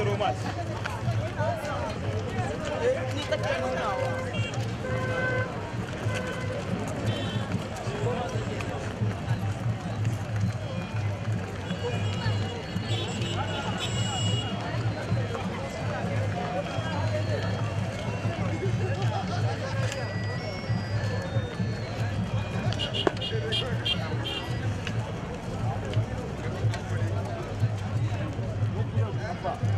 terlalu mas. Ini tekan mana? u